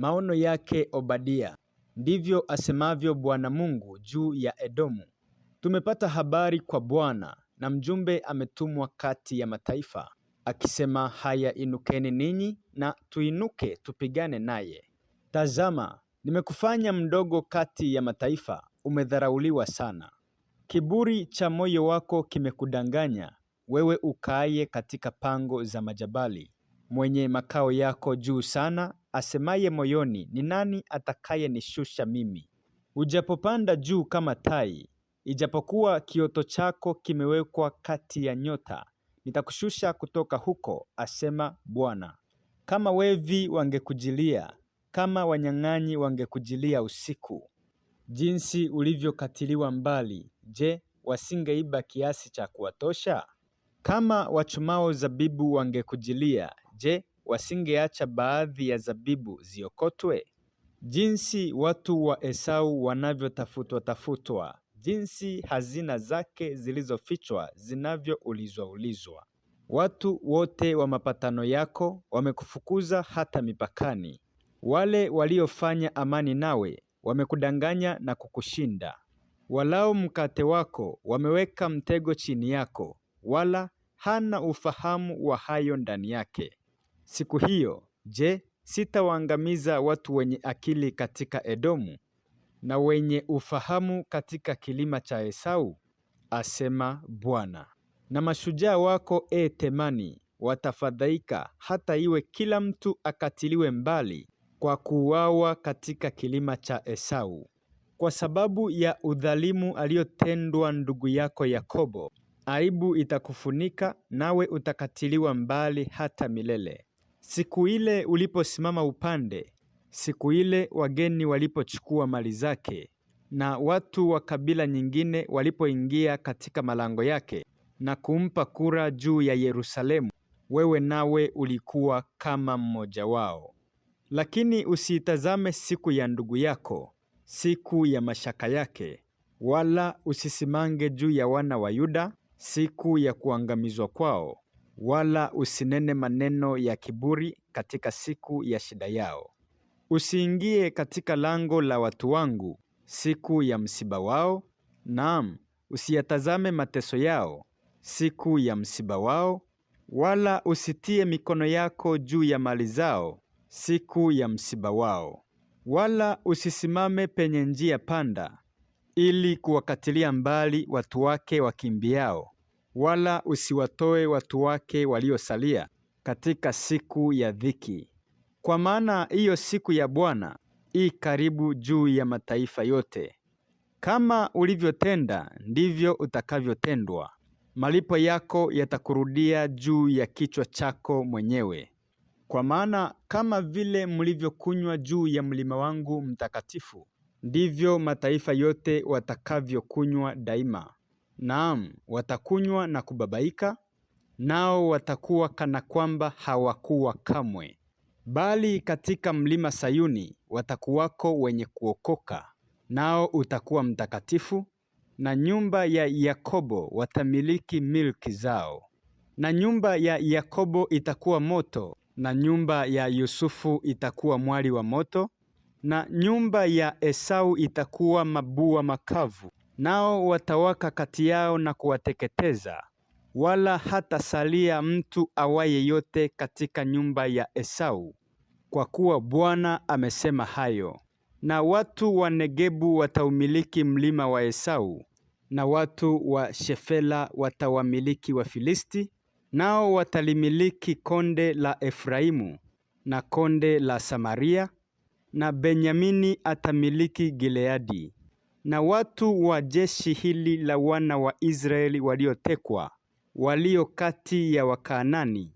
maono yake Obadia. Ndivyo asemavyo Bwana Mungu juu ya Edomu. Tumepata habari kwa Bwana na mjumbe ametumwa kati ya mataifa akisema, haya inukeni ninyi na tuinuke tupigane naye. Tazama, nimekufanya mdogo kati ya mataifa, umedharauliwa sana. Kiburi cha moyo wako kimekudanganya, wewe ukaaye katika pango za majabali mwenye makao yako juu sana, asemaye moyoni, ni nani atakayenishusha mimi? Ujapopanda juu kama tai, ijapokuwa kioto chako kimewekwa kati ya nyota, nitakushusha kutoka huko, asema Bwana. Kama wevi wangekujilia, kama wanyang'anyi wangekujilia usiku, jinsi ulivyokatiliwa mbali, je, wasingeiba kiasi cha kuwatosha? Kama wachumao zabibu wangekujilia, Je, wasingeacha baadhi ya zabibu ziokotwe? Jinsi watu wa Esau wanavyotafutwa tafutwa, jinsi hazina zake zilizofichwa zinavyoulizwa ulizwa. Watu wote wa mapatano yako wamekufukuza hata mipakani. Wale waliofanya amani nawe wamekudanganya na kukushinda. Walao mkate wako wameweka mtego chini yako, wala hana ufahamu wa hayo ndani yake siku hiyo, je, sitawaangamiza watu wenye akili katika Edomu na wenye ufahamu katika kilima cha Esau? Asema Bwana. Na mashujaa wako, e Temani, watafadhaika hata iwe kila mtu akatiliwe mbali kwa kuuawa katika kilima cha Esau, kwa sababu ya udhalimu aliyotendwa ndugu yako Yakobo. Aibu itakufunika nawe utakatiliwa mbali hata milele. Siku ile uliposimama upande, siku ile wageni walipochukua mali zake, na watu wa kabila nyingine walipoingia katika malango yake na kumpa kura juu ya Yerusalemu, wewe nawe ulikuwa kama mmoja wao. Lakini usiitazame siku ya ndugu yako, siku ya mashaka yake, wala usisimange juu ya wana wa Yuda siku ya kuangamizwa kwao, wala usinene maneno ya kiburi katika siku ya shida yao. Usiingie katika lango la watu wangu siku ya msiba wao, naam, usiyatazame mateso yao siku ya msiba wao, wala usitie mikono yako juu ya mali zao siku ya msiba wao, wala usisimame penye njia panda, ili kuwakatilia mbali watu wake wakimbiao wala usiwatoe watu wake waliosalia katika siku ya dhiki, kwa maana hiyo siku ya Bwana i karibu juu ya mataifa yote. Kama ulivyotenda ndivyo utakavyotendwa, malipo yako yatakurudia juu ya kichwa chako mwenyewe. Kwa maana kama vile mlivyokunywa juu ya mlima wangu mtakatifu, ndivyo mataifa yote watakavyokunywa daima. Naam, watakunywa na kubabaika, nao watakuwa kana kwamba hawakuwa kamwe. Bali katika mlima Sayuni watakuwako wenye kuokoka, nao utakuwa mtakatifu, na nyumba ya Yakobo watamiliki milki zao. Na nyumba ya Yakobo itakuwa moto, na nyumba ya Yusufu itakuwa mwali wa moto, na nyumba ya Esau itakuwa mabua makavu nao watawaka kati yao na kuwateketeza, wala hatasalia mtu awaye yote katika nyumba ya Esau, kwa kuwa Bwana amesema hayo. Na watu wa Negebu wataumiliki mlima wa Esau, na watu wa Shefela watawamiliki Wafilisti, nao watalimiliki konde la Efraimu na konde la Samaria, na Benyamini atamiliki Gileadi na watu wa jeshi hili la wana wa Israeli waliotekwa, walio kati ya Wakaanani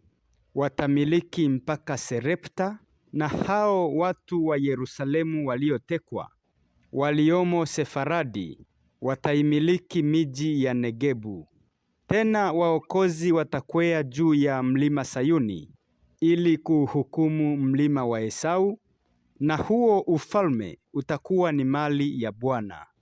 watamiliki mpaka Serepta, na hao watu wa Yerusalemu waliotekwa waliomo Sefaradi wataimiliki miji ya Negebu. Tena waokozi watakwea juu ya mlima Sayuni ili kuuhukumu mlima wa Esau, na huo ufalme utakuwa ni mali ya Bwana.